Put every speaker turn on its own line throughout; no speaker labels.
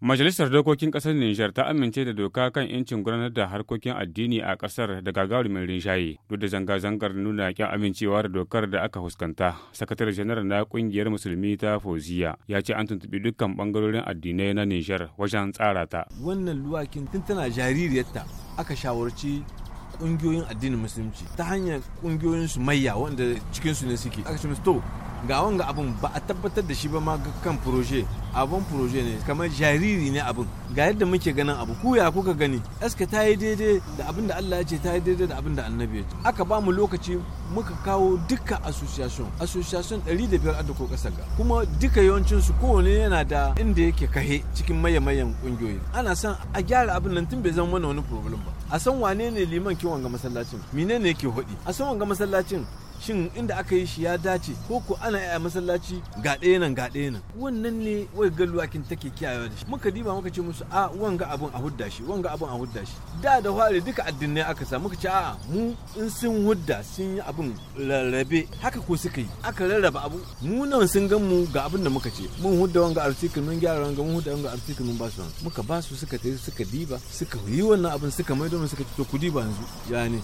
Majalisar Dokokin Ƙasar Nijar ta amince da doka kan 'yancin gudanar da harkokin addini a ƙasar da gagarumin rinshaye duk da zanga-zangar nuna ƙin amincewa da dokar da aka fuskanta. Sakatare janar na ƙungiyar Musulmi ta Foziya ya ce an tuntuɓi dukkan ɓangarorin addinai na Nijar wajen tsara ta.
Wannan luwakin tun tana jaririyarta aka shawarci ƙungiyoyin addinin Musulunci ta hanyar ƙungiyoyin su mayya wanda cikinsu ne suke. Aka ce to ga wanga abin ba a tabbatar da shi ba ma ga kan proje abun proje ne kamar jariri ne abin ga yadda muke ganin abu ku ya kuka gani aska ta yi daidai da abin da Allah ya ce ta yi daidai da abin da annabi ya ce aka ba mu lokaci muka kawo duka association association 105 a duk kasar ga kuma duka yawancin su kowane yana da inda yake kahe cikin maye-mayen kungiyoyi ana son a gyara abin nan tun bai zama wani problem ba a san wane ne liman kiwon ga masallacin menene yake hudi a san wanga masallacin shin inda aka yi shi ya dace ko ko ana yaya masallaci ga ɗaya nan ga ɗaya nan wannan ne wai galluwakin take kiyaye da shi muka diba muka ce musu a wanga abun a hudda shi wanga abun a hudda shi da da hwari duka addinai aka sa muka ce a'a mu in sun hudda sun yi abun rarrabe haka ko suka yi aka rarraba abu mu nan sun gan mu ga abin da muka ce mun hudda wanga article mun gyara wanga mun hudda wanga article mun ba su muka ba su suka tafi suka diba suka yi wannan abin suka maido suka ce to ku diba yanzu ya ne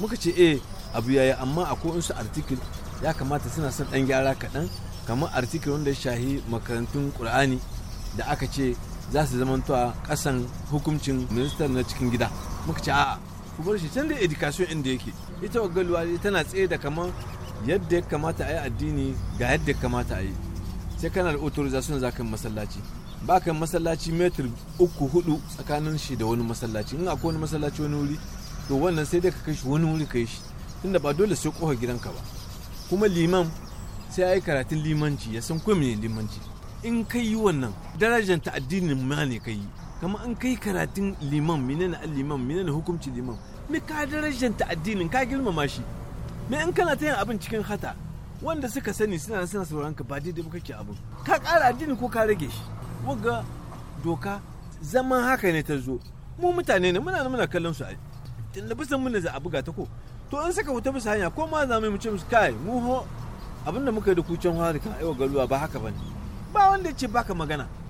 muka ce eh abu yayi amma a su article ya kamata suna son dan gyara kaɗan kamar article wanda ya shahi makarantun ƙur'ani da aka ce za su zama a kasan hukuncin ministan na cikin gida muka ce a'a ku bar shi can da education inda yake ita waggalwa tana tsaye da kamar yadda ya kamata a yi addini ga yadda ya kamata a yi sai kana da authorization za ka masallaci ba ka masallaci metir uku hudu tsakanin shi da wani masallaci in akwai wani masallaci wani wuri to wannan sai dai ka kai shi wani wuri ka yi shi tunda ba dole sai kofar gidanka ba kuma liman sai ai karatun limanci ya san kome ne limanci in kai yi wannan darajar ta addinin ma ne ka yi kama in kai karatun liman menene liman menene hukuncin liman me ka darajar ta addinin ka girmama shi me in kana ta yin abin cikin hata wanda suka sani suna suna sauran ka ba daidai ba kake abin ka ƙara addini ko ka rage shi wagga doka zaman haka ne ta zo mu mutane ne muna muna kallon su ai tunda bisan mun za a buga ta ko to an saka wuta bisa hanya ko ma za mu ce musu kai mu ho abin da muka yi da kucin kan aiwa galuwa ba haka bane ba wanda ya ce baka magana